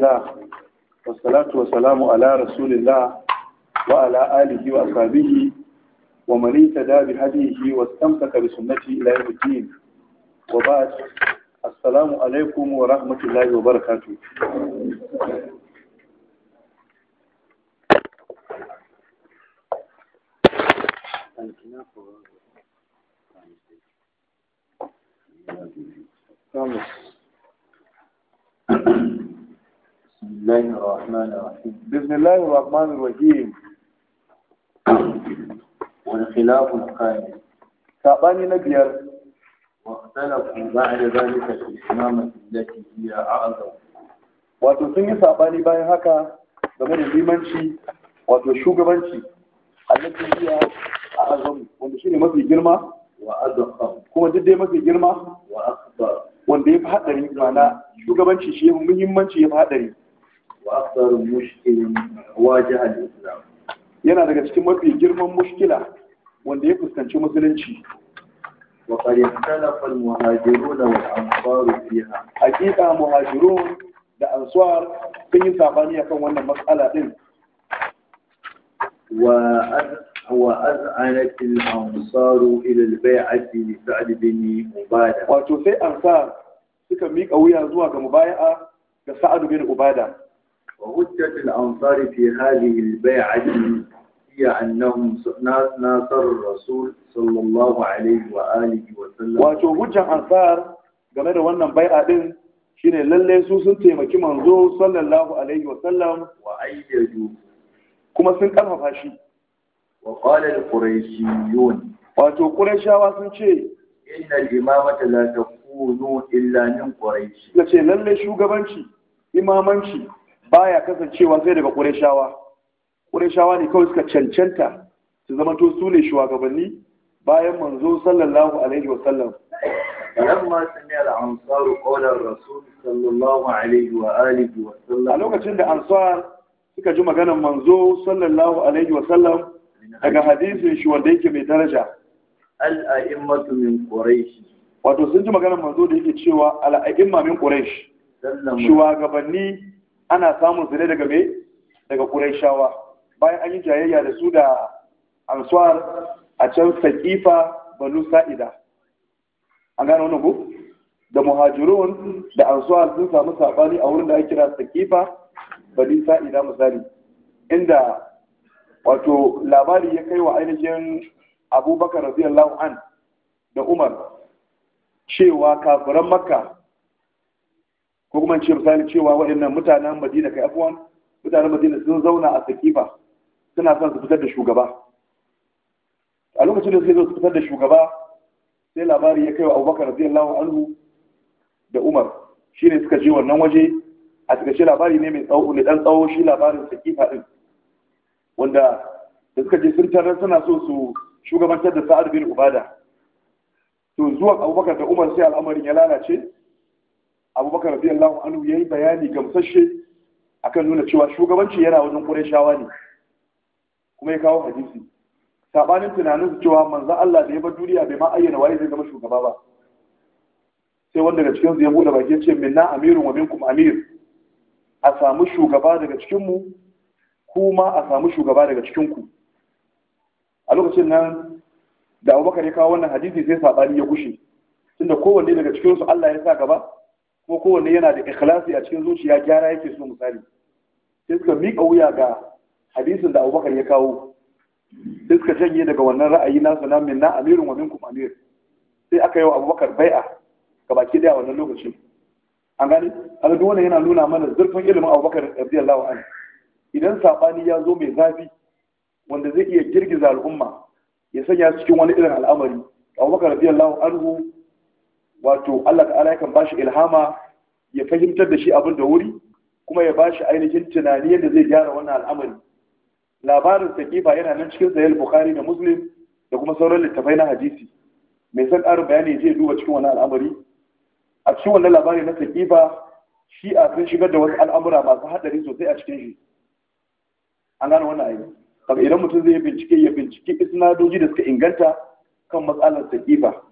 alhamdulillah wassalatu wassalamu ala rasulillah wa ala alihi wa ashabihi wa man ittaba bi hadihi wastamsaka bi assalamu alaikum wa rahmatullahi wa barakatuh الله الرحمن الرحيم بسم الله الرحمن الرحيم والخلاف القائم ساباني نبيار واختلفوا بعد ذلك الإمامة التي هي أعظم wato sun yi saɓani bayan haka game da limanci wato shugabanci allafi iya a azam wanda shine mafi girma wa azam kuma duk dai mafi girma wa akbar wanda ya fi haɗari ma'ana shugabanci shi ya muhimmanci ya fi haɗari واكثر مشكل واجه الاسلام yana daga cikin mafi girman mushkila wanda ya fuskanci musulunci wa qad ikhtalafa al-muhajiruna wal ansar fiha haqiqa muhajirun da ansar sun yi sabani akan wannan matsala din wa wa az'anat al-ansar ila al-bay'ati li sa'd bin ubada wato sai ansar suka mika wuya zuwa ga mubaya'a ga sa'd bin ubada وهجة الأنصار في هذه البيعة هي أنهم ناصر الرسول صلى الله عليه وآله وسلم وهجة أنصار game da wannan bai'a din shine lalle su sun taimaki manzo sallallahu alaihi wa sallam wa ayyadu kuma sun karfafa shi wa qala al-qurayshiyun wato qurayshawa sun ce inna al-imamata la takunu illa min quraish kace lalle shugabanci imamanci baya kasancewa sai daga ƙureshawa ƙureshawa ne kawai suka cancanta su zama to su ne shugabanni bayan manzo sallallahu alaihi wa sallam lamma sami'a al-ansar qawla rasul sallallahu alaihi wa alihi wa sallam a lokacin da ansar suka ji maganar manzo sallallahu alaihi wa sallam daga hadisin shi wanda yake mai daraja al-a'immatu min quraish wato sun ji maganar manzo da yake cewa al-a'imma min quraish shugabanni ana samun su ne daga me daga shawa, bayan an yi jayayya da su da Ansar a can Saqifa Banu Sa'ida an gano wannan da Muhajirun da Ansar sun samu sabani a wurin da ake kira Saqifa Banu Sa'ida misali inda wato labari ya kai wa ainihin Abubakar radiyallahu an da Umar cewa kafiran Makka ko kuma ce misali cewa waɗannan mutanen madina kai afuwan mutanen madina sun zauna a sakifa suna son su fitar da shugaba a lokacin da suke zo su fitar da shugaba sai labari ya kai wa abubakar Lawan anhu da umar shi ne suka je wannan waje a shi labari ne mai tsawo ne dan tsawo shi labarin sakifa din wanda da suka je sun tarar suna so su shugabantar da sa'ad bin ubada to zuwan abubakar da umar sai al'amarin ya lalace abubakar radiyallahu ya yayi bayani gamsashe akan nuna cewa shugabanci yana wajen qurayshawa ne kuma ya kawo hadisi sabanin tunanin su cewa manzo Allah da ya bar duniya bai ma ayyana waye zai zama shugaba ba sai wanda daga cikin su ya bude baki ya ce minna amirun wa minkum amir a samu shugaba daga cikin mu kuma a samu shugaba daga cikin ku a lokacin nan da Abubakar ya kawo wannan hadisi sai sabani ya gushe tunda kowanne daga cikin su Allah ya sa gaba ko kowanne yana da ikhlasi a cikin zuciya gyara yake so misali sai suka miƙa wuya ga hadisin da abubakar ya kawo sai suka janye daga wannan ra'ayi nasu na amirin wa minkum amir sai aka yi wa abubakar bai'a ga baki daya wannan lokaci an gani an wannan yana nuna mana zurfin ilimin abubakar radiyallahu anhu idan sabani ya zo mai zafi wanda zai iya girgiza al'umma ya sanya cikin wani irin al'amari abubakar radiyallahu anhu wato Allah ta'ala yakan bashi ilhama ya fahimtar da shi abin da wuri kuma ya bashi ainihin tunani yadda zai gyara wannan al'amari labarin sakifa yana nan cikin sahih bukhari da muslim da kuma sauran littafai na hadisi mai san ƙarin bayani zai duba cikin wannan al'amari a cikin wannan labari na sakifa shi a sun shigar da wasu al'amura masu haɗari sosai a cikin shi an gane wannan aiki kaga idan mutum zai bincike ya bincike isnadoji da suka inganta kan matsalar sakifa